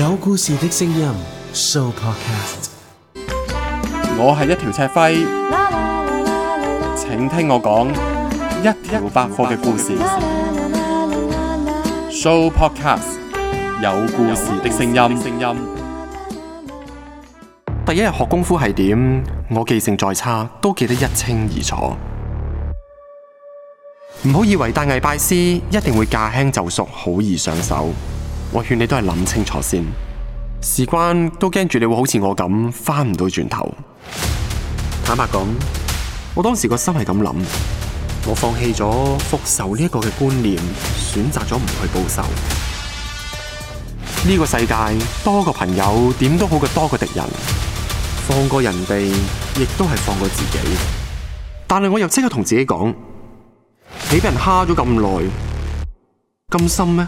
有故事的聲音 show podcast，我係一條赤輝，請聽我講一條百科嘅故事 show podcast 有故事的聲音。第一日學功夫係點？我記性再差都記得一清二楚。唔好以為帶藝拜師一定會駕輕就熟，好易上手。我勸你都係諗清楚先，事關都驚住你會好似我咁翻唔到轉頭。坦白講，我當時個心係咁諗，我放棄咗復仇呢一個嘅觀念，選擇咗唔去報仇。呢個世界多個朋友點都好過多個敵人，放過人哋亦都係放過自己。但係我又即刻同自己講，你俾人蝦咗咁耐，咁深咩？